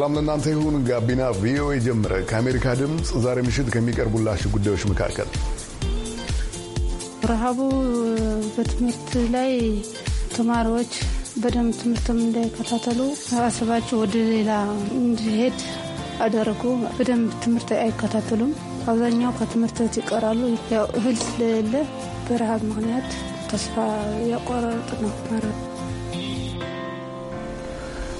ሰላም ለእናንተ ይሁን። ጋቢና ቪኦኤ ጀምረ ከአሜሪካ ድምፅ ዛሬ ምሽት ከሚቀርቡላችሁ ጉዳዮች መካከል ረሃቡ በትምህርት ላይ ተማሪዎች በደንብ ትምህርትም እንዳይከታተሉ ሀሳባቸው ወደ ሌላ እንዲሄድ አደረጉ። በደንብ ትምህርት አይከታተሉም። አብዛኛው ከትምህርት ይቀራሉ። ያው እህል ስለሌለ በረሃብ ምክንያት ተስፋ ያቆረጥ ነው።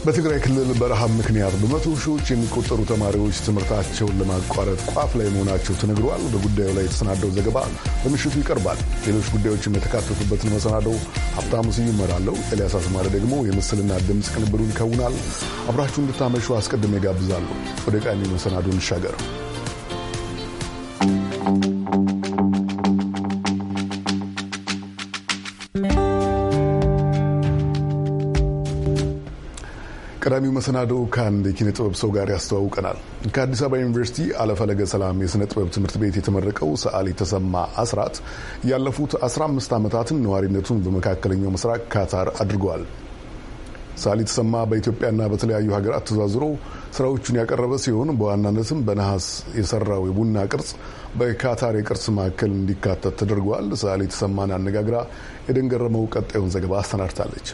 በትግራይ ክልል በረሃብ ምክንያት በመቶ ሺዎች የሚቆጠሩ ተማሪዎች ትምህርታቸውን ለማቋረጥ ቋፍ ላይ መሆናቸው ተነግረዋል። በጉዳዩ ላይ የተሰናደው ዘገባ በምሽቱ ይቀርባል። ሌሎች ጉዳዮችም የተካተቱበትን መሰናደው ሀብታሙ ስዩም እመራለሁ። ኤልያስ አስማሪ ደግሞ የምስልና ድምፅ ቅንብሩን ይከውናል። አብራችሁ እንድታመሹ አስቀድሜ ጋብዛለሁ። ወደ ቃሚ መሰናዶ እንሻገር። ቀዳሚው መሰናዶ ከአንድ የኪነ ጥበብ ሰው ጋር ያስተዋውቀናል። ከአዲስ አበባ ዩኒቨርሲቲ አለፈለገ ሰላም የሥነ ጥበብ ትምህርት ቤት የተመረቀው ሰዓሊ ተሰማ አስራት ያለፉት 15 ዓመታትን ነዋሪነቱን በመካከለኛው ምስራቅ ካታር አድርገዋል። ሰዓሊ ተሰማ በኢትዮጵያና በተለያዩ ሀገራት ተዘዝሮ ስራዎቹን ያቀረበ ሲሆን በዋናነትም በነሐስ የሰራው የቡና ቅርጽ በካታር የቅርስ ማዕከል እንዲካተት ተደርጓል። ሰዓሊ ተሰማን አነጋግራ የደንገረመው ቀጣዩን ዘገባ አሰናድታለች።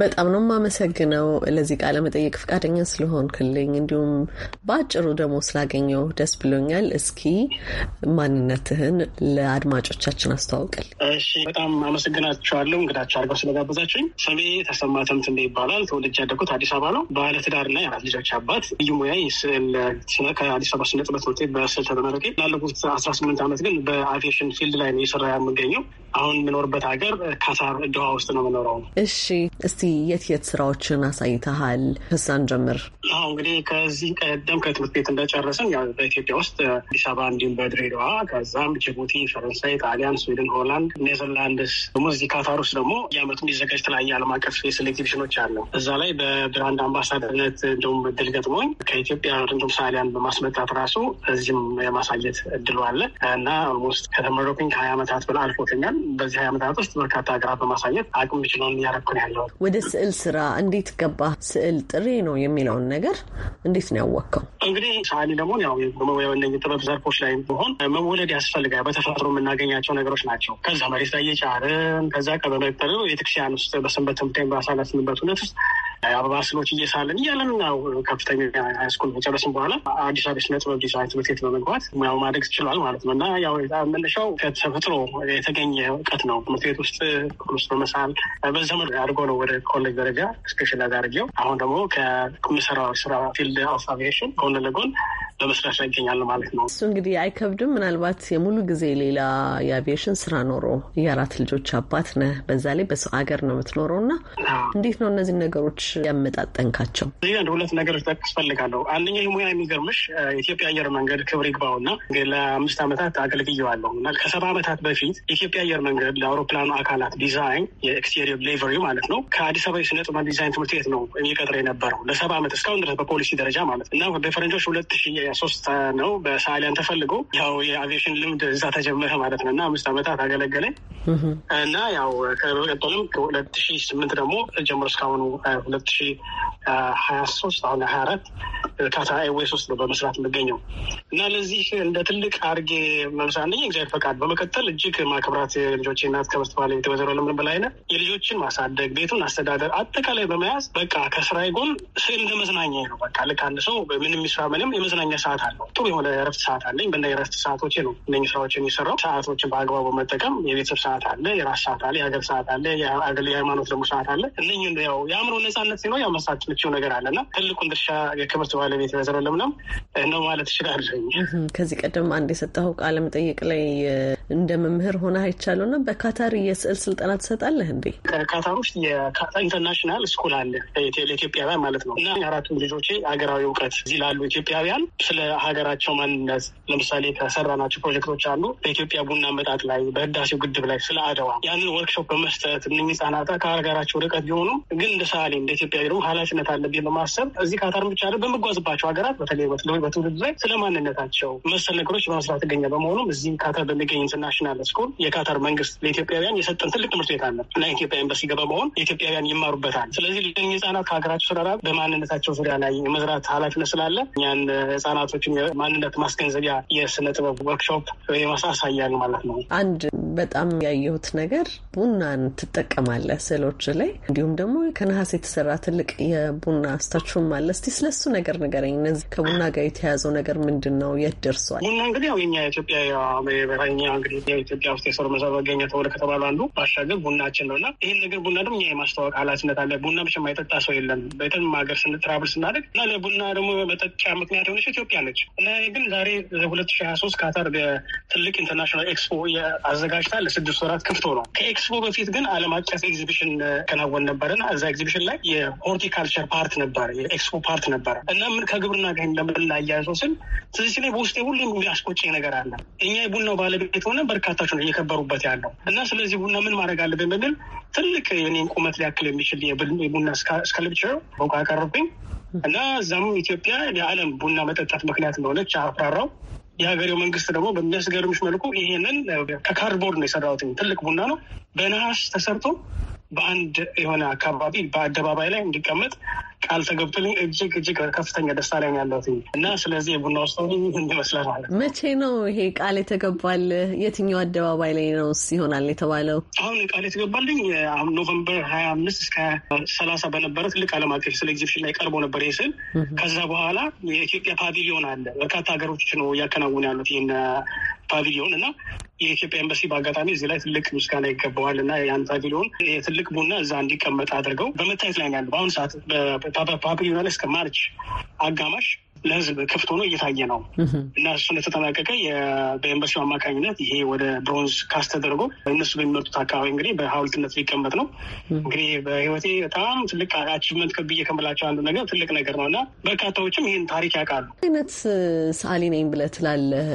በጣም ነው የማመሰግነው ለዚህ ቃለ መጠየቅ ፈቃደኛ ስለሆንክልኝ፣ እንዲሁም በአጭሩ ደግሞ ስላገኘው ደስ ብሎኛል። እስኪ ማንነትህን ለአድማጮቻችን አስተዋውቅል። እሺ፣ በጣም አመሰግናቸዋለሁ እንግዳቸው አድርገው ስለጋበዛችሁኝ። ስሜ ተሰማ ተምትንቤ ይባላል። ተወልጄ ያደኩት አዲስ አበባ ነው። ባለ ትዳር ላይ አራት ልጆች አባት። ልዩ ሙያ ስዕል ከአዲስ አበባ ስነ ጥበት ትምህርት ቤት በስዕል ተመረቄ። ላለፉት አስራ ስምንት ዓመት ግን በአቪዬሽን ፊልድ ላይ ነው የሰራ የምገኘው። አሁን የምኖርበት ሀገር ካታር ድሃ ውስጥ ነው የምኖረው። እሺ እስቲ እስቲ የት የት ስራዎችን አሳይተሃል? ከሳን ጀምር። አሁ እንግዲህ ከዚህ ቀደም ከትምህርት ቤት እንደጨረስን በኢትዮጵያ ውስጥ አዲስ አበባ እንዲሁም በድሬዳዋ ከዛም ጅቡቲ፣ ፈረንሳይ፣ ጣሊያን፣ ስዊድን፣ ሆላንድ፣ ኔዘርላንድስ ደግሞ እዚህ ካታር ውስጥ ደግሞ የአመቱ እንዲዘጋጅ የተለያየ ዓለም አቀፍ የስዕል ኤግዚቢሽኖች አለው። እዛ ላይ በብራንድ አምባሳደርነት እንደውም እድል ገጥሞኝ ከኢትዮጵያ እንዲሁም ሳሊያን በማስመጣት ራሱ እዚህም የማሳየት እድሉ አለ እና ኦልሞስት ከተመረኩኝ ከሀያ ዓመታት ብላ አልፎተኛል። በዚህ ሀያ ዓመታት ውስጥ በርካታ ሀገራት በማሳየት አቅም ችለን እያረኩን ያለው ወደ ስዕል ስራ እንዴት ገባ? ስዕል ጥሪ ነው የሚለውን ነገር እንዴት ነው ያወቅከው? እንግዲህ ሰዓሊ ለመሆን ያው ጥበብ ዘርፎች ላይ ሆን መወለድ ያስፈልጋል። በተፈጥሮ የምናገኛቸው ነገሮች ናቸው። ከዛ መሬት ላይ እየጫርን ከዛ ቀበመጠር ቤተክርስቲያን ውስጥ በሰንበት ትምህርት ባሳለፍንበት ሁነት ውስጥ አበባ ስሎች እየሳለን እያለን ነው ከፍተኛ ሃይስኩል መጨረስም በኋላ አዲስ አበባ ስነ ጥበብ ዲዛይን ትምህርት ቤት በመግባት ሙያው ማደግ ትችላል ማለት ነው እና ያው መነሻው ከተፈጥሮ የተገኘ እውቀት ነው። ትምህርት ቤት ውስጥ ክፍል ውስጥ በመሳል በዘመድ አድርጎ ነው ወደ ኮሌጅ ደረጃ ስፔሻላይዝ አድርጌው አሁን ደግሞ ከምሰራው ስራ ፊልድ ኦፍ አቪዬሽን ጎን ለጎን በመስራት ላይ ይገኛል ማለት ነው። እሱ እንግዲህ አይከብድም። ምናልባት የሙሉ ጊዜ ሌላ የአቪዬሽን ስራ ኖሮ የአራት ልጆች አባት ነህ፣ በዛ ላይ በሰው ሀገር ነው የምትኖረው እና እንዴት ነው እነዚህ ነገሮች ያመጣጠንካቸው? እዚህ አንድ ሁለት ነገሮች ጠቅስ ፈልጋለሁ። አንደኛ የሙያ የሚገርምሽ የኢትዮጵያ አየር መንገድ ክብር ይግባው ይግባውና ለአምስት ዓመታት አገልግየዋለሁ እና ከሰባ ዓመታት በፊት የኢትዮጵያ አየር መንገድ ለአውሮፕላኑ አካላት ዲዛይን የኤክስቴሪየር ሌቨሪ ማለት ነው ከአዲስ አበባ የስነ ጥበብ ዲዛይን ትምህርት ቤት ነው የሚቀጥረው የነበረው ለሰባ ዓመት እስካሁን ድረስ በፖሊሲ ደረጃ ማለት እና በፈረንጆች ሁለት ሺ ሶስት ነው በሳሊያን ተፈልጎ ያው የአቪዬሽን ልምድ እዛ ተጀመረ ማለት ነው እና አምስት ዓመታት አገለገለኝ እና ያው ከቀጠልም ከሁለት ሺ ስምንት ደግሞ ጀምሮ እስካሁኑ ሁለት ሺ ሀያ ሶስት አሁን ሀያ አራት ታታ ኤርዌይስ ውስጥ ነው በመስራት የምገኘው እና ለዚህ እንደ ትልቅ አድርጌ መምሳ አንደኛ እግዚአብሔር ፈቃድ፣ በመቀጠል እጅግ ማክብራት ልጆቼ እናት ከበስት ባለ የተወዘሮ ለምን በላይ የልጆችን ማሳደግ ቤቱን አስተዳደር አጠቃላይ በመያዝ በቃ ከስራ ጎን ስዕል እንደ መዝናኛ ነው። በቃ ልክ አንድ ሰው ምንም የሚስራ ምንም የመዝናኛ ሰዓት አለው። ጥሩ የሆነ እረፍት ሰዓት አለኝ። በና የረፍት ሰዓቶቼ ነው እነ ስራዎች የሚሰራው። ሰዓቶችን በአግባቡ መጠቀም የቤተሰብ ሰዓት አለ፣ የራስ ሰዓት አለ፣ የሀገር ሰዓት አለ፣ የሃይማኖት ደግሞ ሰዓት አለ። እነ ያው የአእምሮ ነጻነት ሲኖር ያመሳችልችው ነገር አለና ትልቁን ድርሻ የክብርት ባለቤት መሰረ ለምለም ነው ማለት ይችላለኝ። ከዚህ ቀደም አንድ የሰጠኸው ቃለ መጠይቅ ላይ እንደ መምህር ሆነ አይቻለው ና በካታር የስዕል ስልጠና ትሰጣለህ እንዴ? ካታር ውስጥ የካታር ኢንተርናሽናል ስኩል አለ ለኢትዮጵያውያን ማለት ነው እና አራቱም ልጆቼ ሀገራዊ እውቀት እዚህ ላሉ ኢትዮጵያውያን ስለ ሀገራቸው ማንነት ለምሳሌ ከሰራናቸው ፕሮጀክቶች አሉ በኢትዮጵያ ቡና መጣት ላይ በህዳሴው ግድብ ላይ ስለ አደዋ ያንን ወርክሾፕ በመስጠት እነህ ህጻናት ከሀገራቸው ርቀት ቢሆኑ ግን እንደ ሳሌ እንደ ኢትዮጵያ ደግሞ ኃላፊነት አለብኝ በማሰብ እዚህ ካታር ብቻ ለ በምጓዝባቸው ሀገራት በተለይ በትውልድ ላይ ስለ ማንነታቸው መሰል ነገሮች በመስራት ይገኛል። በመሆኑም እዚህ ካታር በሚገኝ ኢንተርናሽናል ስኩል የካታር መንግስት ለኢትዮጵያውያን የሰጠን ትልቅ ትምህርት ቤት አለ እና ኢትዮጵያ ኤምባሲ ገባ በመሆን ኢትዮጵያውያን ይማሩበታል። ስለዚህ ለኝ ህጻናት ከሀገራቸው ስራራ በማንነታቸው ዙሪያ ላይ የመዝራት ኃላፊነት ስላለ እኛን ህጻናቶችን የማንነት ማስገንዘቢያ የስነ ጥበብ ወርክሾፕ የማሳሳያል ማለት ነው። አንድ በጣም ያየሁት ነገር ቡናን ትጠቀማለህ ስዕሎች ላይ እንዲሁም ደግሞ ከነሐስ የተሰራ ትልቅ የቡና ስታችሁም አለ። እስቲ ስለሱ ነገር ንገረኝ። እነዚህ ከቡና ጋር የተያዘው ነገር ምንድን ነው? የት ደርሷል? ቡና እንግዲህ ያው የኛ ኢትዮጵያ እንግዲህ ኢትዮጵያ ውስጥ የሰሩ መዘበገኛ ተብሎ ከተባሉ አንዱ ባሻገር ቡናችን ነው እና ይህን ነገር ቡና ደግሞ እኛ የማስተዋወቅ ኃላፊነት አለ። ቡና ብቻ የማይጠጣ ሰው የለም። በየትም ሀገር ስንትራብል ስናደግ እና ለቡና ደግሞ መጠጫ ምክንያት የሆነች ኢትዮጵያ ነች እና ግን ዛሬ ሁለት ሺ ሀያ ሶስት ካታር ትልቅ ኢንተርናሽናል ኤክስፖ አዘጋጅታ ለስድስት ወራት ክፍቶ ነው። ከኤክስፖ በፊት ግን ዓለም አቀፍ ኤግዚቢሽን ከናወን ነበር ነበረና እዛ ኤግዚቢሽን ላይ የሆርቲካልቸር ፓርት ነበር የኤክስፖ ፓርት ነበረ እና ምን ከግብርና ጋር ለምን ላያያዘው ስል ትዝ ሲለኝ በውስጤ ሁሉም ያስቆጨኝ ነገር አለ። እኛ የቡናው ባለቤት ሆነ ቡና በርካታቸው ነው እየከበሩበት ያለው እና ስለዚህ ቡና ምን ማድረግ አለብን በሚል ትልቅ የኔን ቁመት ሊያክል የሚችል የቡና እስከልብቸው በውቃ ያቀርብኝ እና እዛም ኢትዮጵያ የዓለም ቡና መጠጣት ምክንያት እንደሆነች አፍራራው። የሀገሬው መንግስት ደግሞ በሚያስገርምሽ መልኩ ይሄንን ከካርድቦርድ ነው የሰራሁት። ትልቅ ቡና ነው በነሐስ ተሰርቶ በአንድ የሆነ አካባቢ በአደባባይ ላይ እንዲቀመጥ ቃል ተገብቶልኝ እጅግ እጅግ ከፍተኛ ደስታ ላይ ያለት እና ስለዚህ የቡና ውስጥ ይመስላል ማለት ነው። መቼ ነው ይሄ ቃል የተገባል? የትኛው አደባባይ ላይ ነው ይሆናል የተባለው? አሁን ቃል የተገባልኝ ኖቨምበር ሀያ አምስት እስከ ሰላሳ በነበረ ትልቅ ዓለም አቀፍ ስለ ኤግዚቢሽን ላይ ቀርቦ ነበር ይህ ስል። ከዛ በኋላ የኢትዮጵያ ፓቪሊዮን አለ። በርካታ ሀገሮች ነው እያከናወኑ ያሉት ይህን ፓቪሊዮን እና የኢትዮጵያ ኤምባሲ በአጋጣሚ እዚህ ላይ ትልቅ ምስጋና ይገባዋል እና ያን ፓቪሊዮን ትልቅ ቡና እዛ እንዲቀመጥ አድርገው በመታየት ላይ ያለ በአሁኑ ሰዓት ፓቪሊዮን ላይ እስከ ማርች አጋማሽ ለህዝብ ክፍት ሆኖ እየታየ ነው እና እሱ እንደተጠናቀቀ በኤምባሲው አማካኝነት ይሄ ወደ ብሮንዝ ካስ ተደርጎ እነሱ በሚመጡት አካባቢ እንግዲህ በሀውልትነት ሊቀመጥ ነው። እንግዲህ በህይወቴ በጣም ትልቅ አቺቭመንት ከብዬ ከምላቸው አንዱ ነገር ትልቅ ነገር ነው እና በርካታዎችም ይህን ታሪክ ያውቃሉ። አይነት ሰዓሊ ነኝ ብለህ ትላለህ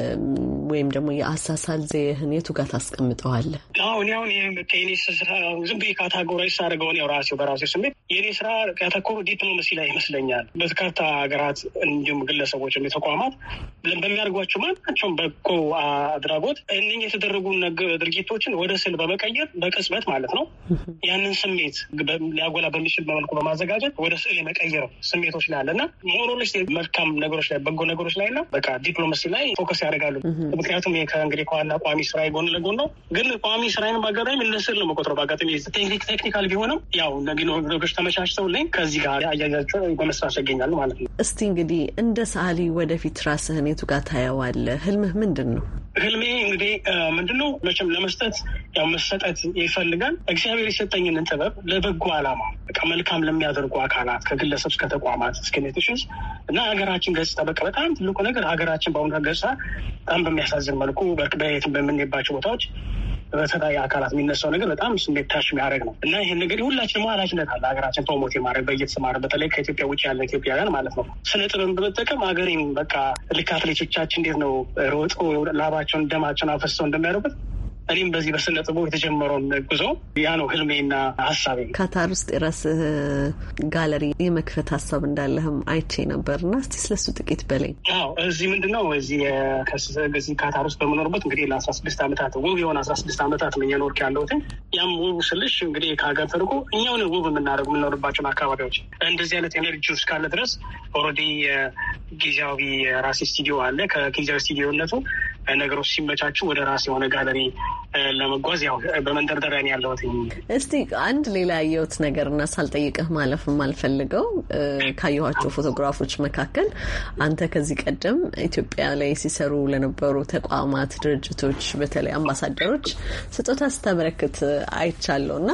ወይም ደግሞ የአሳሳል ዘህን የቱ ጋር ታስቀምጠዋለህ? አሁን ያሁን ከኔ ስራ ዝም ብዬ ካታጎራዊ ሳደርገውን ያው ራሴው በራሴው ስሜት የኔ ስራ ያተኮሩ ዲፕሎማሲ ላይ ይመስለኛል በርካታ ሀገራት እንዲ እንዲሁም ግለሰቦችም የተቋማት በሚያደርጓቸው ማናቸውም በጎ አድራጎት እነኛ የተደረጉ ድርጊቶችን ወደ ስል በመቀየር በቅጽበት ማለት ነው ያንን ስሜት ሊያጎላ በሚችል በመልኩ በማዘጋጀት ወደ ስል የመቀየር ስሜቶች ላይ አለ እና ሞሮሎች መልካም ነገሮች ላይ በጎ ነገሮች ላይ ና በቃ ዲፕሎማሲ ላይ ፎከስ ያደርጋሉ። ምክንያቱም ከእንግዲህ ከዋና ቋሚ ስራ ጎን ለጎን ነው። ግን ቋሚ ስራይን በአጋጣሚ ለስል ነው መቆጥረው። በአጋጣሚ ቴክኒካል ቢሆንም ያው ነገሮች ተመቻችተው ከዚህ ጋር አያያቸው በመስራት ያገኛሉ ማለት ነው። እስቲ እንግዲህ እንደ ሰዓሊ ወደፊት ራስህን የቱ ጋር ታየዋለህ? ህልምህ ምንድን ነው? ህልሜ እንግዲህ ምንድን ነው መቼም ለመስጠት ያው መሰጠት ይፈልጋል። እግዚአብሔር የሰጠኝንን ጥበብ ለበጎ ዓላማ በቃ መልካም ለሚያደርጉ አካላት ከግለሰብ እስከ ተቋማት እስከ ኔትሽንስ እና ሀገራችን ገጽታ በቃ በጣም ትልቁ ነገር ሀገራችን በአሁኑ ገጽታ በጣም በሚያሳዝን መልኩ በየት በምንሄባቸው ቦታዎች በተለያዩ አካላት የሚነሳው ነገር በጣም ስሜት ታሽ የሚያደርግ ነው እና ይህን ነገር ሁላችንም ኃላፊነት አለ ሀገራችን ፕሮሞት የማድረግ በየተሰማረ በተለይ ከኢትዮጵያ ውጭ ያለ ኢትዮጵያውያን ማለት ነው ስነ ጥበብን በመጠቀም ሀገሬም በቃ ልክ አትሌቶቻችን እንዴት ነው ሮጦ ላባቸውን ደማቸውን አፈሰው እንደሚያደርጉት እኔም በዚህ በስነ ጥበብ የተጀመረውን ጉዞ ያ ነው ህልሜና ሀሳቤ። ካታር ውስጥ የራስህ ጋለሪ የመክፈት ሀሳብ እንዳለህም አይቼ ነበር እና እስቲ ስለሱ ጥቂት በለኝ። አዎ እዚህ ነው እዚህ ካታር ውስጥ በምኖርበት እንግዲህ ለአስራ ስድስት ዓመታት ውብ የሆነ አስራ ስድስት ዓመታት ነው የኖርክ ያለሁት። ያም ውብ ስልሽ እንግዲህ ከሀገር ተርቆ እኛውን ውብ የምናደርግ የምንኖርባቸውን አካባቢዎች እንደዚህ አይነት ኤነርጂ ውስጥ ካለ ድረስ ኦልሬዲ ጊዜያዊ ራሴ ስቱዲዮ አለ ከጊዜያዊ ስቱዲዮነቱ ነገሮች ሲመቻቹ ወደ ራስ የሆነ ጋለሪ ለመጓዝ ያው በመንደርደሪያ ነው ያለሁት። እስቲ አንድ ሌላ ያየሁት ነገር እና ሳልጠይቅህ ማለፍ የማልፈልገው ካየኋቸው ፎቶግራፎች መካከል አንተ ከዚህ ቀደም ኢትዮጵያ ላይ ሲሰሩ ለነበሩ ተቋማት፣ ድርጅቶች በተለይ አምባሳደሮች ስጦታ ስታበረክት አይቻለሁ እና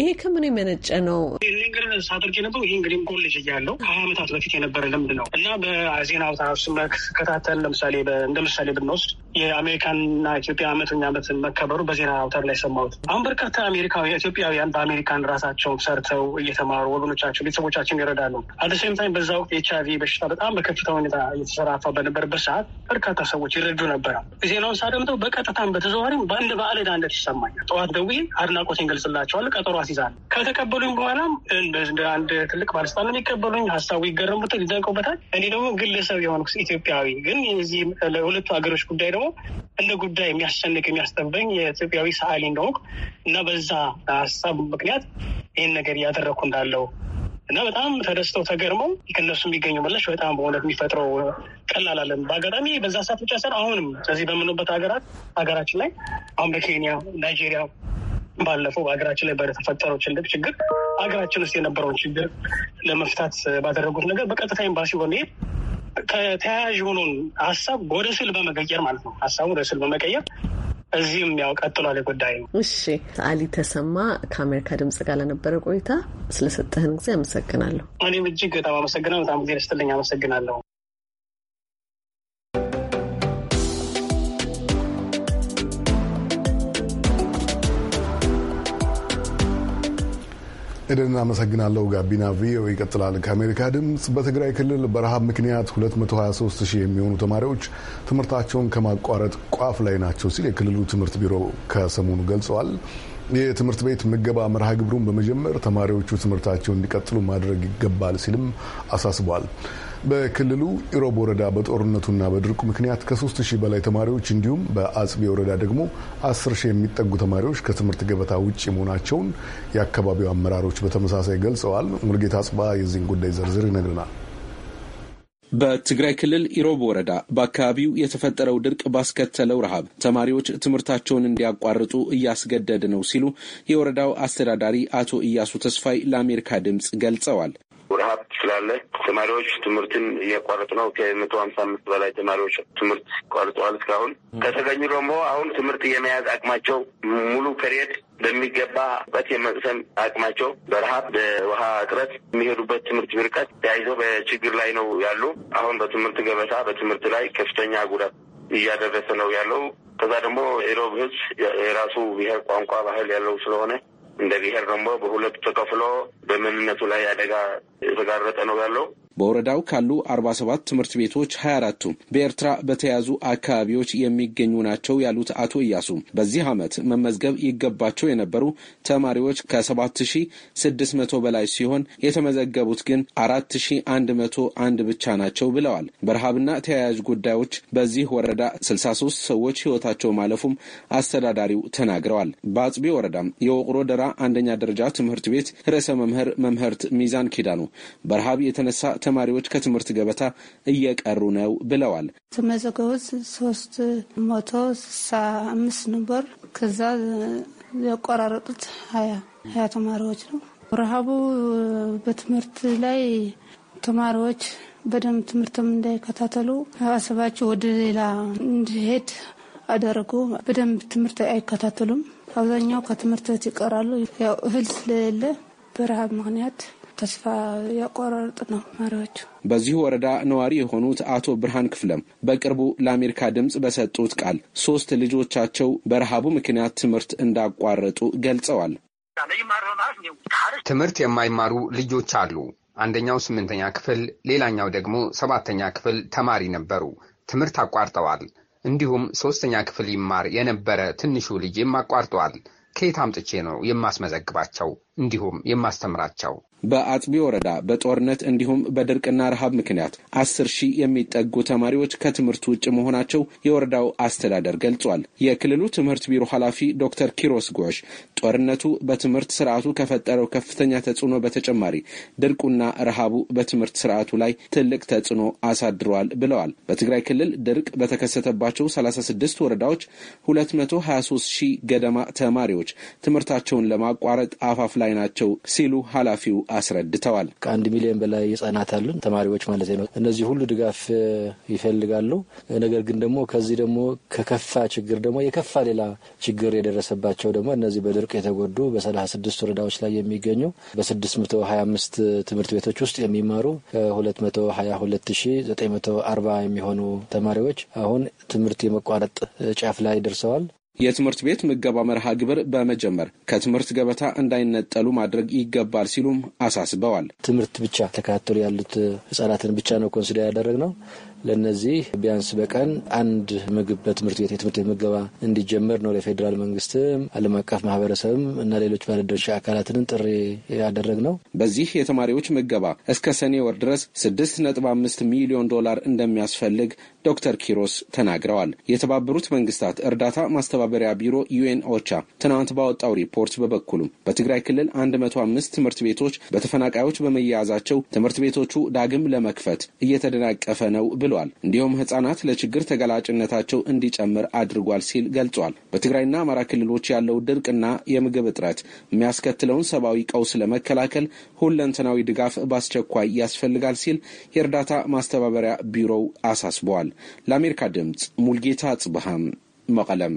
ይሄ ከምን የመነጨ ነው? ንግር ሳደርግ የነበረው ይህ እንግዲህ ኮሌጅ እያለሁ ከሀያ ዓመታት በፊት የነበረ ልምድ ነው እና በዜና አውታሮች ስመከታተል ለምሳሌ እንደ ምሳሌ ብንወስድ የአሜሪካንና ኢትዮጵያ አመተኛ ዓመትን መከበሩ በዜና አውታር ላይ ሰማሁት። አሁን በርካታ አሜሪካዊ ኢትዮጵያውያን በአሜሪካን ራሳቸውን ሰርተው እየተማሩ ወገኖቻቸው፣ ቤተሰቦቻቸውን ይረዳሉ። አደሴም ታይም በዛ ወቅት ኤች አይቪ በሽታ በጣም በከፍታ ሁኔታ እየተሰራፋ በነበረበት ሰዓት በርካታ ሰዎች ይረዱ ነበረ። ዜናውን ሳደምጠው በቀጥታም በተዘዋሪም በአንድ በአለዳ አንደት ይሰማኛል። ጠዋት ደውዬ አድናቆቴን ገልጽላቸዋለሁ። ቀጠሮ አስይዛለሁ። ከተቀበሉኝ በኋላም እንደ አንድ ትልቅ ባለስልጣን ነው የሚቀበሉኝ። ሀሳቡ ይገረሙትን ይደንቁበታል። እኔ ደግሞ ግለሰብ የሆንኩ ኢትዮጵያዊ ግን የዚህ ለሁለቱ ሀገሮች ጉዳይ ደግሞ ደግሞ እንደ ጉዳይ የሚያስጨንቅ የሚያስጠብኝ የኢትዮጵያዊ ሰዓሊ እንደሆንኩ እና በዛ ሀሳብ ምክንያት ይህን ነገር እያደረግኩ እንዳለው እና በጣም ተደስተው ተገርመው ከእነሱ የሚገኙ መለሽ በጣም በእውነት የሚፈጥረው ቀላል አለን። በአጋጣሚ በዛ ሰዓት ብቻ ሳይሆን አሁንም ስለዚህ በምንበት ሀገራት ሀገራችን ላይ አሁን በኬንያ፣ ናይጄሪያ ባለፈው በሀገራችን ላይ በተፈጠረው ችልቅ ችግር ሀገራችን ውስጥ የነበረውን ችግር ለመፍታት ባደረጉት ነገር በቀጥታ ኤምባሲ በመሄድ ከተያያዥ የሆኑን ሀሳብ ወደ ስዕል በመቀየር ማለት ነው። ሀሳቡ ወደ ስዕል በመቀየር እዚህም ያው ቀጥሏል ጉዳይ ነው። እሺ አሊ ተሰማ ከአሜሪካ ድምጽ ጋር ለነበረ ቆይታ ስለሰጠህን ጊዜ አመሰግናለሁ። እኔም እጅግ በጣም አመሰግናለሁ። በጣም ጊዜ ደስትልኝ አመሰግናለሁ። ኤደን አመሰግናለሁ። ጋቢና ቪኦኤ ይቀጥላል። ከአሜሪካ ድምፅ በትግራይ ክልል በረሃብ ምክንያት 223 ሺህ የሚሆኑ ተማሪዎች ትምህርታቸውን ከማቋረጥ ቋፍ ላይ ናቸው ሲል የክልሉ ትምህርት ቢሮ ከሰሞኑ ገልጸዋል። የትምህርት ቤት ምገባ መርሃ ግብሩን በመጀመር ተማሪዎቹ ትምህርታቸውን እንዲቀጥሉ ማድረግ ይገባል ሲልም አሳስቧል። በክልሉ ኢሮብ ወረዳ በጦርነቱና በድርቁ ምክንያት ከ3000 በላይ ተማሪዎች እንዲሁም በአጽቤ ወረዳ ደግሞ አስር የሚጠጉ ተማሪዎች ከትምህርት ገበታ ውጭ መሆናቸውን የአካባቢው አመራሮች በተመሳሳይ ገልጸዋል። ሙልጌታ አጽባ የዚህን ጉዳይ ዝርዝር ይነግርናል። በትግራይ ክልል ኢሮብ ወረዳ በአካባቢው የተፈጠረው ድርቅ ባስከተለው ረሃብ ተማሪዎች ትምህርታቸውን እንዲያቋርጡ እያስገደደ ነው ሲሉ የወረዳው አስተዳዳሪ አቶ እያሱ ተስፋይ ለአሜሪካ ድምፅ ገልጸዋል። ረሀብ ስላለ ተማሪዎች ትምህርትን እየቋረጡ ነው። ከመቶ ሀምሳ አምስት በላይ ተማሪዎች ትምህርት ቋርጠዋል። እስካሁን ከተገኙ ደግሞ አሁን ትምህርት የመያዝ አቅማቸው ሙሉ ከሬድ በሚገባ እውቀት የመቅሰም አቅማቸው በረሀብ በውሃ እጥረት የሚሄዱበት ትምህርት ብርቀት ተያይዘው በችግር ላይ ነው ያሉ። አሁን በትምህርት ገበታ በትምህርት ላይ ከፍተኛ ጉዳት እያደረሰ ነው ያለው። ከዛ ደግሞ የሮብ ህዝብ የራሱ ብሔር ቋንቋ፣ ባህል ያለው ስለሆነ እንደ ብሔር ደግሞ በሁለቱ ተከፍሎ በምንነቱ ላይ አደጋ የተጋረጠ ነው ያለው። በወረዳው ካሉ 47 ትምህርት ቤቶች 24ቱ በኤርትራ በተያዙ አካባቢዎች የሚገኙ ናቸው ያሉት አቶ እያሱ በዚህ ዓመት መመዝገብ ይገባቸው የነበሩ ተማሪዎች ከ7600 በላይ ሲሆን የተመዘገቡት ግን 4101 ብቻ ናቸው ብለዋል። በረሃብና ተያያዥ ጉዳዮች በዚህ ወረዳ 63 ሰዎች ሕይወታቸው ማለፉም አስተዳዳሪው ተናግረዋል። በአጽቢ ወረዳም የወቅሮ ደራ አንደኛ ደረጃ ትምህርት ቤት ርዕሰ መምህር መምህርት ሚዛን ኪዳኑ በረሃብ የተነሳ ተማሪዎች ከትምህርት ገበታ እየቀሩ ነው ብለዋል። ተመዘገቡት ሶስት መቶ ስልሳ አምስት ነበር። ከዛ ያቆራረጡት ሀያ ሀያ ተማሪዎች ነው። ረሃቡ በትምህርት ላይ ተማሪዎች በደንብ ትምህርትም እንዳይከታተሉ ሀሳባቸው ወደ ሌላ እንዲሄድ አደረጉ። በደንብ ትምህርት አይከታተሉም። አብዛኛው ከትምህርት ይቀራሉ። ያው እህል ስለሌለ በረሃብ ምክንያት ተስፋ ያቆራርጥ ነው መሪዎቹ። በዚሁ ወረዳ ነዋሪ የሆኑት አቶ ብርሃን ክፍለም በቅርቡ ለአሜሪካ ድምፅ በሰጡት ቃል ሶስት ልጆቻቸው በረሃቡ ምክንያት ትምህርት እንዳቋረጡ ገልጸዋል። ትምህርት የማይማሩ ልጆች አሉ። አንደኛው ስምንተኛ ክፍል ሌላኛው ደግሞ ሰባተኛ ክፍል ተማሪ ነበሩ። ትምህርት አቋርጠዋል። እንዲሁም ሶስተኛ ክፍል ይማር የነበረ ትንሹ ልጅም አቋርጠዋል። ከየት አምጥቼ ነው የማስመዘግባቸው? እንዲሁም የማስተምራቸው በአጥቢ ወረዳ በጦርነት እንዲሁም በድርቅና ረሃብ ምክንያት አስር ሺህ የሚጠጉ ተማሪዎች ከትምህርት ውጭ መሆናቸው የወረዳው አስተዳደር ገልጿል። የክልሉ ትምህርት ቢሮ ኃላፊ ዶክተር ኪሮስ ጎሽ ጦርነቱ በትምህርት ስርዓቱ ከፈጠረው ከፍተኛ ተጽዕኖ በተጨማሪ ድርቁና ረሃቡ በትምህርት ስርዓቱ ላይ ትልቅ ተጽዕኖ አሳድረዋል ብለዋል። በትግራይ ክልል ድርቅ በተከሰተባቸው 36 ወረዳዎች 223 ሺህ ገደማ ተማሪዎች ትምህርታቸውን ለማቋረጥ አፋፍ ላይ ናቸው ሲሉ ኃላፊው አስረድተዋል። ከአንድ ሚሊዮን በላይ ህጻናት አሉን ተማሪዎች ማለት ነው። እነዚህ ሁሉ ድጋፍ ይፈልጋሉ። ነገር ግን ደግሞ ከዚህ ደግሞ ከከፋ ችግር ደግሞ የከፋ ሌላ ችግር የደረሰባቸው ደግሞ እነዚህ በድርቅ የተጎዱ በ36 ወረዳዎች ላይ የሚገኙ በ625 ትምህርት ቤቶች ውስጥ የሚማሩ ሁለት የሚሆኑ ተማሪዎች አሁን ትምህርት የመቋረጥ ጫፍ ላይ ደርሰዋል። የትምህርት ቤት ምገባ መርሃ ግብር በመጀመር ከትምህርት ገበታ እንዳይነጠሉ ማድረግ ይገባል ሲሉም አሳስበዋል። ትምህርት ብቻ ተከታተሉ ያሉት ህጻናትን ብቻ ነው ኮንሲደር ያደረግ ነው ለነዚህ ቢያንስ በቀን አንድ ምግብ በትምህርት ቤት የትምህርት ቤት ምገባ እንዲጀመር ነው ለፌዴራል መንግስትም ዓለም አቀፍ ማህበረሰብም እና ሌሎች ባለድርሻ አካላትንም ጥሪ ያደረግ ነው። በዚህ የተማሪዎች ምገባ እስከ ሰኔ ወር ድረስ ስድስት ነጥብ አምስት ሚሊዮን ዶላር እንደሚያስፈልግ ዶክተር ኪሮስ ተናግረዋል። የተባበሩት መንግስታት እርዳታ ማስተባበሪያ ቢሮ ዩኤን ኦቻ ትናንት ባወጣው ሪፖርት በበኩሉም በትግራይ ክልል 105 ትምህርት ቤቶች በተፈናቃዮች በመያያዛቸው ትምህርት ቤቶቹ ዳግም ለመክፈት እየተደናቀፈ ነው ብሎ ብሏል። እንዲሁም ህጻናት ለችግር ተገላጭነታቸው እንዲጨምር አድርጓል ሲል ገልጿል። በትግራይና አማራ ክልሎች ያለው ድርቅና የምግብ እጥረት የሚያስከትለውን ሰብአዊ ቀውስ ለመከላከል ሁለንተናዊ ድጋፍ በአስቸኳይ ያስፈልጋል ሲል የእርዳታ ማስተባበሪያ ቢሮው አሳስበዋል። ለአሜሪካ ድምጽ ሙልጌታ ጽብሃም መቀለም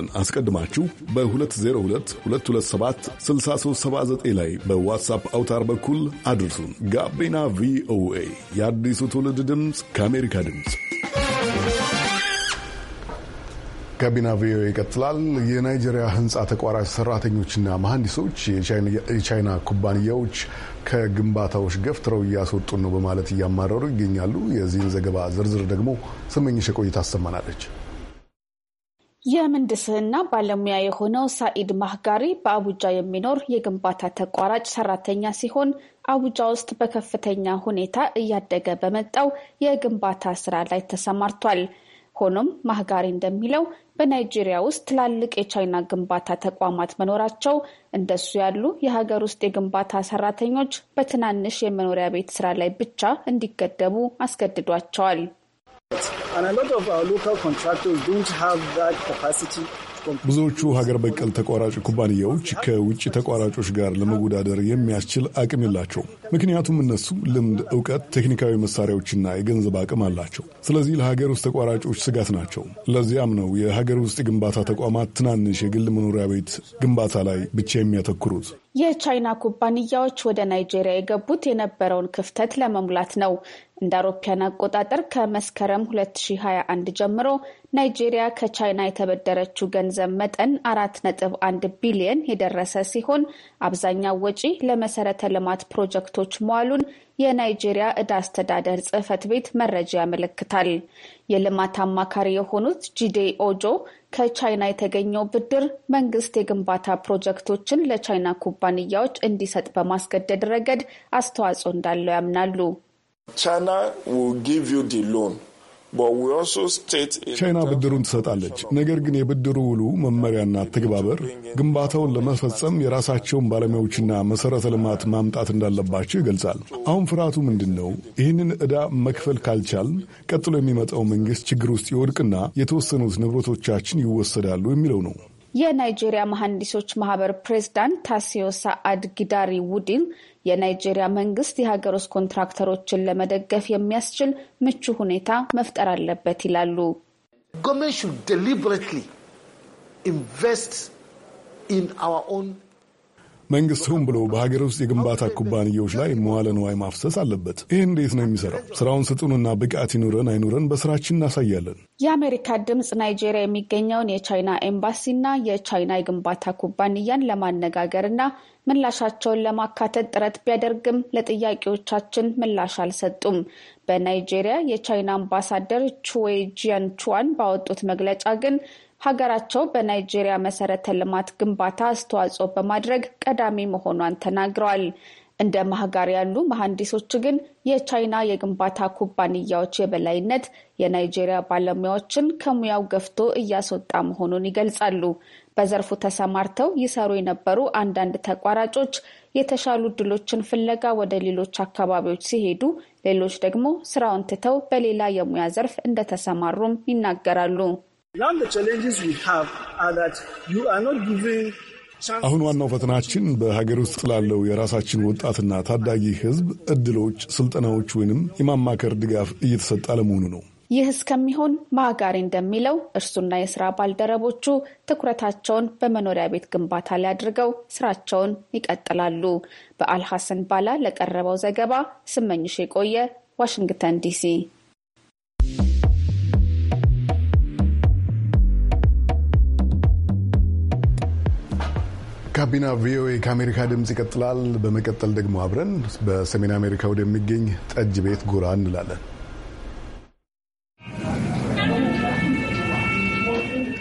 ቁጥርን አስቀድማችሁ በ 6379 ላይ በዋትሳፕ አውታር በኩል አድርሱን። ጋቢና ቪኦኤ የአዲሱ ትውልድ ድምፅ ከአሜሪካ ድምፅ ጋቢና ቪኦኤ ይቀጥላል። የናይጄሪያ ህንፃ ተቋራጭ ሰራተኞችና መሐንዲሶች የቻይና ኩባንያዎች ከግንባታዎች ገፍትረው እያስወጡን ነው በማለት እያማረሩ ይገኛሉ። የዚህን ዘገባ ዝርዝር ደግሞ ስመኝሽ ቆይታ አሰማናለች። የምህንድስና ባለሙያ የሆነው ሳኢድ ማህጋሪ በአቡጃ የሚኖር የግንባታ ተቋራጭ ሰራተኛ ሲሆን አቡጃ ውስጥ በከፍተኛ ሁኔታ እያደገ በመጣው የግንባታ ስራ ላይ ተሰማርቷል። ሆኖም ማህጋሪ እንደሚለው በናይጄሪያ ውስጥ ትላልቅ የቻይና ግንባታ ተቋማት መኖራቸው እንደሱ ያሉ የሀገር ውስጥ የግንባታ ሰራተኞች በትናንሽ የመኖሪያ ቤት ስራ ላይ ብቻ እንዲገደቡ አስገድዷቸዋል። And a lot of our local contractors don't have that capacity ብዙዎቹ ሀገር በቀል ተቋራጭ ኩባንያዎች ከውጭ ተቋራጮች ጋር ለመወዳደር የሚያስችል አቅም የላቸውም። ምክንያቱም እነሱ ልምድ፣ እውቀት፣ ቴክኒካዊ መሳሪያዎችና የገንዘብ አቅም አላቸው። ስለዚህ ለሀገር ውስጥ ተቋራጮች ስጋት ናቸው። ለዚያም ነው የሀገር ውስጥ ግንባታ ተቋማት ትናንሽ የግል መኖሪያ ቤት ግንባታ ላይ ብቻ የሚያተኩሩት። የቻይና ኩባንያዎች ወደ ናይጄሪያ የገቡት የነበረውን ክፍተት ለመሙላት ነው። እንደ አውሮፓያን አቆጣጠር ከመስከረም 2021 ጀምሮ ናይጄሪያ ከቻይና የተበደረችው ገንዘብ መጠን 4.1 ቢሊየን የደረሰ ሲሆን አብዛኛው ወጪ ለመሰረተ ልማት ፕሮጀክቶች መዋሉን የናይጄሪያ እዳ አስተዳደር ጽሕፈት ቤት መረጃ ያመለክታል። የልማት አማካሪ የሆኑት ጂዴ ኦጆ ከቻይና የተገኘው ብድር መንግስት የግንባታ ፕሮጀክቶችን ለቻይና ኩባንያዎች እንዲሰጥ በማስገደድ ረገድ አስተዋጽኦ እንዳለው ያምናሉ። China will give you the loan. ቻይና ብድሩን ትሰጣለች። ነገር ግን የብድሩ ውሉ መመሪያና ተግባበር ግንባታውን ለመፈጸም የራሳቸውን ባለሙያዎችና መሠረተ ልማት ማምጣት እንዳለባቸው ይገልጻል። አሁን ፍርሃቱ ምንድን ነው? ይህንን ዕዳ መክፈል ካልቻልን ቀጥሎ የሚመጣው መንግሥት ችግር ውስጥ ይወድቅና የተወሰኑት ንብረቶቻችን ይወሰዳሉ የሚለው ነው። የናይጄሪያ መሐንዲሶች ማህበር ፕሬዝዳንት ታሲዮሳ አድጊዳሪ ውዲን የናይጄሪያ መንግስት የሀገር ውስጥ ኮንትራክተሮችን ለመደገፍ የሚያስችል ምቹ ሁኔታ መፍጠር አለበት ይላሉ። ኢንቨስት ኢን አወር ኦውን መንግስት ሁም ብሎ በሀገር ውስጥ የግንባታ ኩባንያዎች ላይ መዋለ ንዋይ ማፍሰስ አለበት። ይህ እንዴት ነው የሚሰራው? ስራውን ስጡንና ብቃት ይኑረን አይኑረን በስራችን እናሳያለን። የአሜሪካ ድምፅ ናይጄሪያ የሚገኘውን የቻይና ኤምባሲና የቻይና የግንባታ ኩባንያን ለማነጋገርና ምላሻቸውን ለማካተት ጥረት ቢያደርግም ለጥያቄዎቻችን ምላሽ አልሰጡም። በናይጄሪያ የቻይና አምባሳደር ቹዌ ጂያንቹዋን ባወጡት መግለጫ ግን ሀገራቸው በናይጄሪያ መሰረተ ልማት ግንባታ አስተዋጽኦ በማድረግ ቀዳሚ መሆኗን ተናግረዋል። እንደ ማህጋር ያሉ መሐንዲሶች ግን የቻይና የግንባታ ኩባንያዎች የበላይነት የናይጄሪያ ባለሙያዎችን ከሙያው ገፍቶ እያስወጣ መሆኑን ይገልጻሉ። በዘርፉ ተሰማርተው ይሰሩ የነበሩ አንዳንድ ተቋራጮች የተሻሉ እድሎችን ፍለጋ ወደ ሌሎች አካባቢዎች ሲሄዱ፣ ሌሎች ደግሞ ስራውን ትተው በሌላ የሙያ ዘርፍ እንደተሰማሩም ይናገራሉ። አሁን ዋናው ፈተናችን በሀገር ውስጥ ላለው የራሳችን ወጣትና ታዳጊ ሕዝብ እድሎች ስልጠናዎች ወይንም የማማከር ድጋፍ እየተሰጠ አለመሆኑ ነው። ይህ እስከሚሆን ማጋሪ እንደሚለው እርሱና የስራ ባልደረቦቹ ትኩረታቸውን በመኖሪያ ቤት ግንባታ ላይ አድርገው ስራቸውን ይቀጥላሉ። በአልሐሰን ባላ ለቀረበው ዘገባ ስመኝሽ የቆየ ዋሽንግተን ዲሲ ጋቢና ቪኦኤ ከአሜሪካ ድምፅ ይቀጥላል። በመቀጠል ደግሞ አብረን በሰሜን አሜሪካ ወደሚገኝ ጠጅ ቤት ጎራ እንላለን።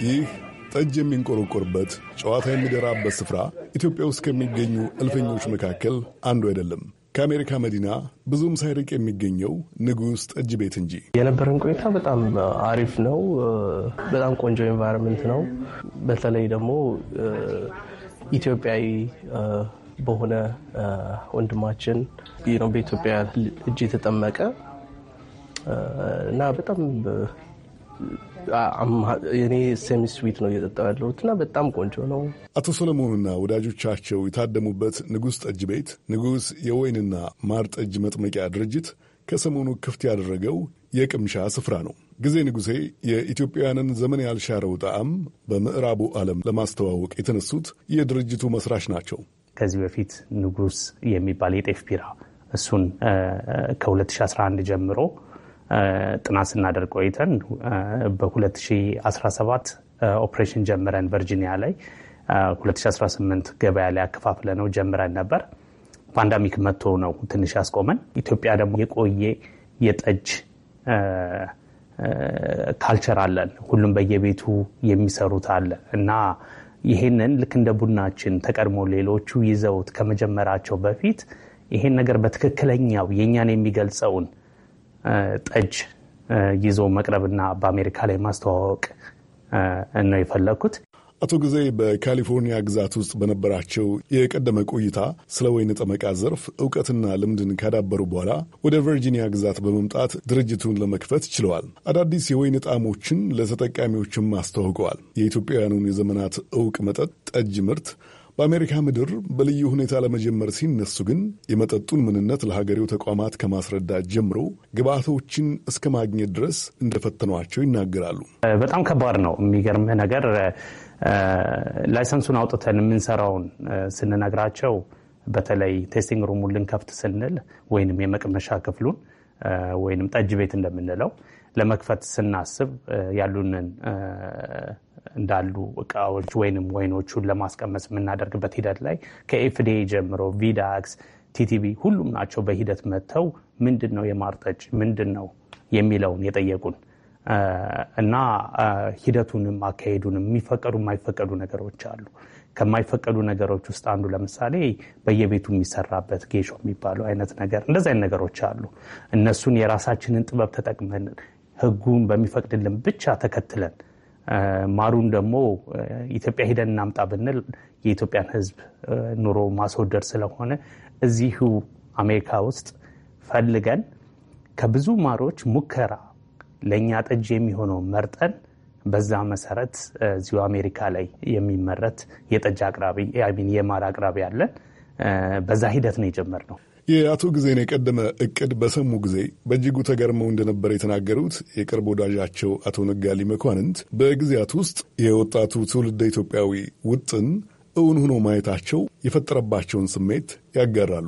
ይህ ጠጅ የሚንቆረቆርበት ጨዋታ የሚደራበት ስፍራ ኢትዮጵያ ውስጥ ከሚገኙ እልፈኞች መካከል አንዱ አይደለም። ከአሜሪካ መዲና ብዙም ሳይርቅ የሚገኘው ንጉሥ ጠጅ ቤት እንጂ። የነበረን ቆይታ በጣም አሪፍ ነው። በጣም ቆንጆ ኤንቫይሮንመንት ነው። በተለይ ደግሞ ኢትዮጵያዊ በሆነ ወንድማችን ነው በኢትዮጵያ እጅ የተጠመቀ እና በጣም እኔ ሴሚ ስዊት ነው እየጠጣው ያለሁት እና በጣም ቆንጆ ነው። አቶ ሰለሞንና ወዳጆቻቸው የታደሙበት ንጉሥ ጠጅ ቤት ንጉሥ የወይንና ማር ጠጅ መጥመቂያ ድርጅት ከሰሞኑ ክፍት ያደረገው የቅምሻ ስፍራ ነው። ጊዜ ንጉሴ የኢትዮጵያውያንን ዘመን ያልሻረው ጣዕም በምዕራቡ ዓለም ለማስተዋወቅ የተነሱት የድርጅቱ መስራች ናቸው። ከዚህ በፊት ንጉስ የሚባል የጤፍ ቢራ እሱን ከ2011 ጀምሮ ጥናት ስናደርግ ቆይተን በ2017 ኦፕሬሽን ጀምረን ቨርጂኒያ ላይ 2018 ገበያ ላይ አከፋፍለ ነው ጀምረን ነበር። ፓንዳሚክ መጥቶ ነው ትንሽ ያስቆመን። ኢትዮጵያ ደግሞ የቆየ የጠጅ ካልቸር አለን። ሁሉም በየቤቱ የሚሰሩት አለ እና ይሄንን ልክ እንደ ቡናችን ተቀድሞ ሌሎቹ ይዘውት ከመጀመራቸው በፊት ይሄን ነገር በትክክለኛው የእኛን የሚገልጸውን ጠጅ ይዞ መቅረብና በአሜሪካ ላይ ማስተዋወቅ ነው የፈለግኩት። አቶ ጊዜ በካሊፎርኒያ ግዛት ውስጥ በነበራቸው የቀደመ ቆይታ ስለ ወይን ጠመቃ ዘርፍ እውቀትና ልምድን ካዳበሩ በኋላ ወደ ቨርጂኒያ ግዛት በመምጣት ድርጅቱን ለመክፈት ችለዋል። አዳዲስ የወይን ጣዕሞችን ለተጠቃሚዎችም አስተዋውቀዋል። የኢትዮጵያውያኑን የዘመናት እውቅ መጠጥ ጠጅ ምርት በአሜሪካ ምድር በልዩ ሁኔታ ለመጀመር ሲነሱ ግን የመጠጡን ምንነት ለሀገሬው ተቋማት ከማስረዳት ጀምሮ ግብአቶችን እስከ ማግኘት ድረስ እንደፈተኗቸው ይናገራሉ። በጣም ከባድ ነው። የሚገርም ነገር ላይሰንሱን አውጥተን የምንሰራውን ስንነግራቸው በተለይ ቴስቲንግ ሩሙን ልንከፍት ስንል ወይንም የመቅመሻ ክፍሉን ወይንም ጠጅ ቤት እንደምንለው ለመክፈት ስናስብ ያሉንን እንዳሉ እቃዎች ወይንም ወይኖቹን ለማስቀመስ የምናደርግበት ሂደት ላይ ከኤፍዲኤ ጀምሮ ቪዳክስ፣ ቲቲቪ ሁሉም ናቸው በሂደት መጥተው ምንድን ነው የማርጠጭ ምንድን ነው የሚለውን የጠየቁን እና ሂደቱንም አካሄዱንም የሚፈቀዱ የማይፈቀዱ ነገሮች አሉ። ከማይፈቀዱ ነገሮች ውስጥ አንዱ ለምሳሌ በየቤቱ የሚሰራበት ጌሾ የሚባለው አይነት ነገር እንደዚህ አይነት ነገሮች አሉ። እነሱን የራሳችንን ጥበብ ተጠቅመን ህጉን በሚፈቅድልን ብቻ ተከትለን ማሩን ደግሞ ኢትዮጵያ ሂደን እናምጣ ብንል የኢትዮጵያን ህዝብ ኑሮ ማስወደድ ስለሆነ እዚሁ አሜሪካ ውስጥ ፈልገን ከብዙ ማሮች ሙከራ ለእኛ ጠጅ የሚሆነው መርጠን በዛ መሰረት እዚሁ አሜሪካ ላይ የሚመረት የጠጅ አቅራቢ ሚን የማር አቅራቢ አለን። በዛ ሂደት ነው የጀመርነው። የአቶ ጊዜን የቀደመ እቅድ በሰሙ ጊዜ በእጅጉ ተገርመው እንደነበር የተናገሩት የቅርብ ወዳጃቸው አቶ ነጋሊ መኳንንት በጊዜያት ውስጥ የወጣቱ ትውልደ ኢትዮጵያዊ ውጥን እውን ሆኖ ማየታቸው የፈጠረባቸውን ስሜት ያጋራሉ።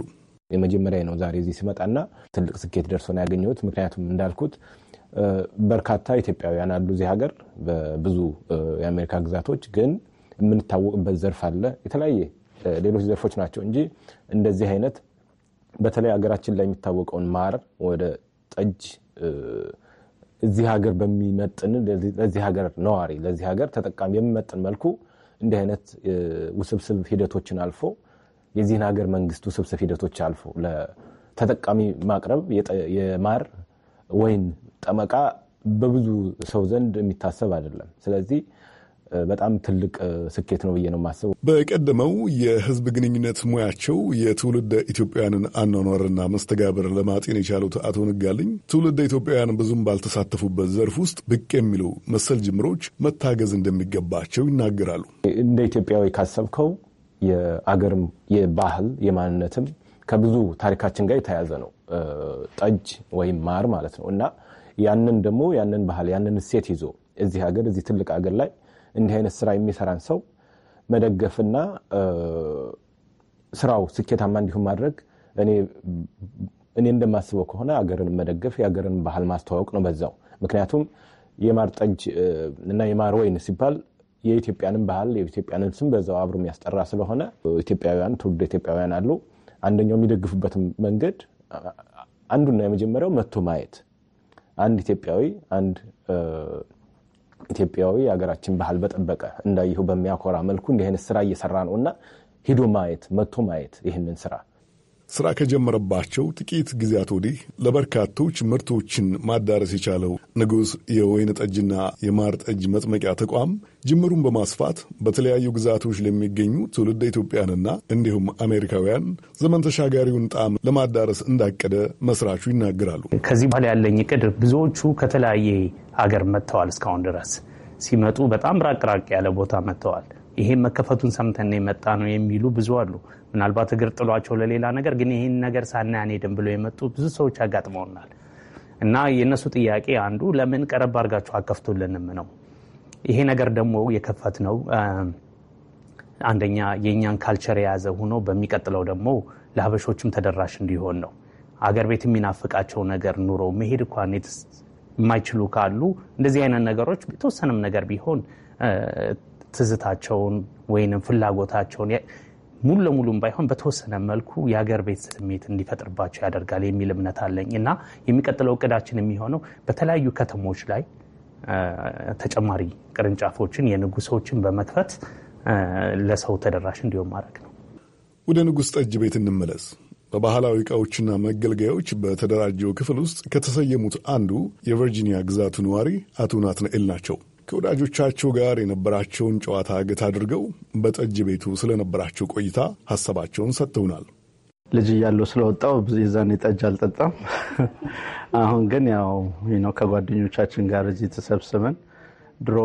የመጀመሪያ ነው ዛሬ እዚህ ስመጣና ትልቅ ስኬት ደርሶ ነው ያገኘሁት። ምክንያቱም እንዳልኩት በርካታ ኢትዮጵያውያን አሉ እዚህ ሀገር በብዙ የአሜሪካ ግዛቶች ግን የምንታወቅበት ዘርፍ አለ። የተለያየ ሌሎች ዘርፎች ናቸው እንጂ እንደዚህ አይነት በተለይ ሀገራችን ላይ የሚታወቀውን ማር ወደ ጠጅ እዚህ ሀገር በሚመጥን ለዚህ ሀገር ነዋሪ ለዚህ ሀገር ተጠቃሚ በሚመጥን መልኩ እንዲህ አይነት ውስብስብ ሂደቶችን አልፎ የዚህን ሀገር መንግስት ውስብስብ ሂደቶች አልፎ ለተጠቃሚ ማቅረብ የማር ወይን ጠመቃ በብዙ ሰው ዘንድ የሚታሰብ አይደለም። ስለዚህ በጣም ትልቅ ስኬት ነው ብዬ ነው የማስበው። በቀደመው የህዝብ ግንኙነት ሙያቸው የትውልደ ኢትዮጵያውያንን አኗኗርና መስተጋብር ለማጤን የቻሉት አቶ ንጋልኝ ትውልደ ኢትዮጵያውያን ብዙም ባልተሳተፉበት ዘርፍ ውስጥ ብቅ የሚሉ መሰል ጅምሮች መታገዝ እንደሚገባቸው ይናገራሉ። እንደ ኢትዮጵያዊ ካሰብከው የአገርም የባህል የማንነትም ከብዙ ታሪካችን ጋር የተያያዘ ነው። ጠጅ ወይም ማር ማለት ነው እና ያንን ደግሞ ያንን ባህል ያንን እሴት ይዞ እዚህ ሀገር እዚህ ትልቅ ሀገር ላይ እንዲህ አይነት ስራ የሚሰራን ሰው መደገፍና ስራው ስኬታማ እንዲሁም ማድረግ እኔ እንደማስበው ከሆነ ሀገርን መደገፍ የሀገርን ባህል ማስተዋወቅ ነው በዛው። ምክንያቱም የማር ጠጅ እና የማር ወይን ሲባል የኢትዮጵያንን ባህል የኢትዮጵያንን ስም በዛው አብሮ የሚያስጠራ ስለሆነ ኢትዮጵያውያን ትውልደ ኢትዮጵያውያን አሉ። አንደኛው የሚደግፉበትም መንገድ አንዱና የመጀመሪያው መቶ ማየት አንድ ኢትዮጵያዊ አንድ ኢትዮጵያዊ የሀገራችን ባህል በጠበቀ እንዳየሁ በሚያኮራ መልኩ እንዲህ አይነት ስራ እየሰራ ነው እና ሂዶ ማየት መጥቶ ማየት ይህንን ስራ ስራ ከጀመረባቸው ጥቂት ጊዜያት ወዲህ ለበርካቶች ምርቶችን ማዳረስ የቻለው ንጉሥ የወይን ጠጅና የማር ጠጅ መጥመቂያ ተቋም ጅምሩን በማስፋት በተለያዩ ግዛቶች ለሚገኙ ትውልደ ኢትዮጵያንና እንዲሁም አሜሪካውያን ዘመን ተሻጋሪውን ጣዕም ለማዳረስ እንዳቀደ መስራቹ ይናገራሉ። ከዚህ በኋላ ያለኝ እቅድ ብዙዎቹ ከተለያየ አገር መጥተዋል። እስካሁን ድረስ ሲመጡ በጣም ራቅራቅ ያለ ቦታ መጥተዋል። ይሄ መከፈቱን ሰምተን የመጣ ነው የሚሉ ብዙ አሉ። ምናልባት እግር ጥሏቸው ለሌላ ነገር ግን ይህን ነገር ሳናይ አንሄድም ብሎ የመጡ ብዙ ሰዎች አጋጥመውናል። እና የእነሱ ጥያቄ አንዱ ለምን ቀረብ አድርጋችሁ አከፍቶልንም ነው። ይሄ ነገር ደግሞ የከፈት ነው አንደኛ የእኛን ካልቸር የያዘ ሆኖ በሚቀጥለው ደግሞ ለሀበሾችም ተደራሽ እንዲሆን ነው። አገር ቤት የሚናፍቃቸው ነገር ኑሮ መሄድ እንኳን የማይችሉ ካሉ እንደዚህ አይነት ነገሮች የተወሰነም ነገር ቢሆን ትዝታቸውን ወይንም ፍላጎታቸውን ሙሉ ለሙሉም ባይሆን በተወሰነ መልኩ የሀገር ቤት ስሜት እንዲፈጥርባቸው ያደርጋል የሚል እምነት አለኝ እና የሚቀጥለው እቅዳችን የሚሆነው በተለያዩ ከተሞች ላይ ተጨማሪ ቅርንጫፎችን የንጉሶችን በመክፈት ለሰው ተደራሽ እንዲሆን ማድረግ ነው። ወደ ንጉሥ ጠጅ ቤት እንመለስ። በባህላዊ እቃዎችና መገልገያዎች በተደራጀው ክፍል ውስጥ ከተሰየሙት አንዱ የቨርጂኒያ ግዛቱ ነዋሪ አቶ ናትናኤል ናቸው። ከወዳጆቻቸው ጋር የነበራቸውን ጨዋታ ገታ አድርገው በጠጅ ቤቱ ስለነበራቸው ቆይታ ሀሳባቸውን ሰጥተውናል። ልጅ እያለሁ ስለወጣው የዛኔ ጠጅ አልጠጣም። አሁን ግን ያው ነው ከጓደኞቻችን ጋር እዚህ ተሰብስበን ድሮ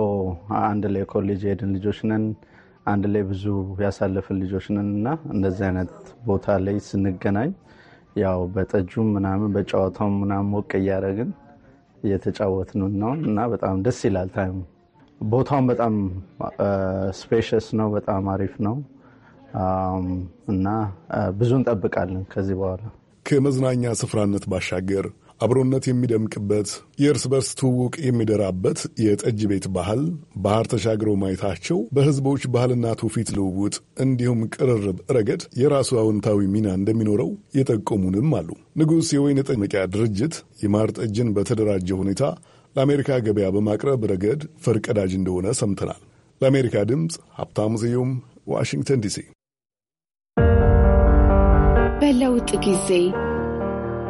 አንድ ላይ ኮሌጅ የሄድን ልጆች ነን፣ አንድ ላይ ብዙ ያሳለፍን ልጆች ነን እና እንደዚህ አይነት ቦታ ላይ ስንገናኝ ያው በጠጁም ምናምን በጨዋታውም ምናምን ሞቅ እያደረግን እየተጫወትን ነው እና በጣም ደስ ይላል። ታይሙ ቦታውን በጣም ስፔሽስ ነው፣ በጣም አሪፍ ነው እና ብዙ እንጠብቃለን ከዚህ በኋላ ከመዝናኛ ስፍራነት ባሻገር አብሮነት የሚደምቅበት የእርስ በርስ ትውውቅ የሚደራበት የጠጅ ቤት ባህል ባህር ተሻግረው ማየታቸው በሕዝቦች ባህልና ትውፊት ልውውጥ እንዲሁም ቅርርብ ረገድ የራሱ አዎንታዊ ሚና እንደሚኖረው የጠቆሙንም አሉ። ንጉሥ የወይን ጠመቂያ ድርጅት የማር ጠጅን በተደራጀ ሁኔታ ለአሜሪካ ገበያ በማቅረብ ረገድ ፈርቀዳጅ እንደሆነ ሰምተናል። ለአሜሪካ ድምፅ ሀብታሙ ስዩም ዋሽንግተን ዲሲ። በለውጥ ጊዜ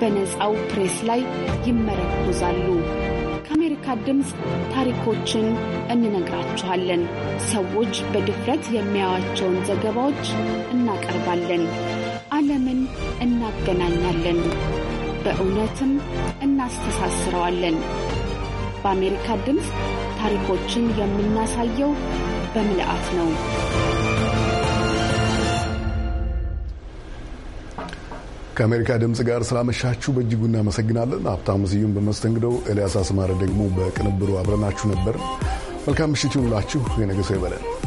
በነፃው ፕሬስ ላይ ይመረኮዛሉ። ከአሜሪካ ድምፅ ታሪኮችን እንነግራችኋለን። ሰዎች በድፍረት የሚያዩዋቸውን ዘገባዎች እናቀርባለን። ዓለምን እናገናኛለን፣ በእውነትም እናስተሳስረዋለን። በአሜሪካ ድምፅ ታሪኮችን የምናሳየው በምልአት ነው። ከአሜሪካ ድምፅ ጋር ስላመሻችሁ በእጅጉ እናመሰግናለን። ሀብታሙ ስዩም በመስተንግደው፣ ኤልያስ አስማረ ደግሞ በቅንብሩ አብረናችሁ ነበር። መልካም ምሽት ይሁንላችሁ። የነገ ሰው ይበለን።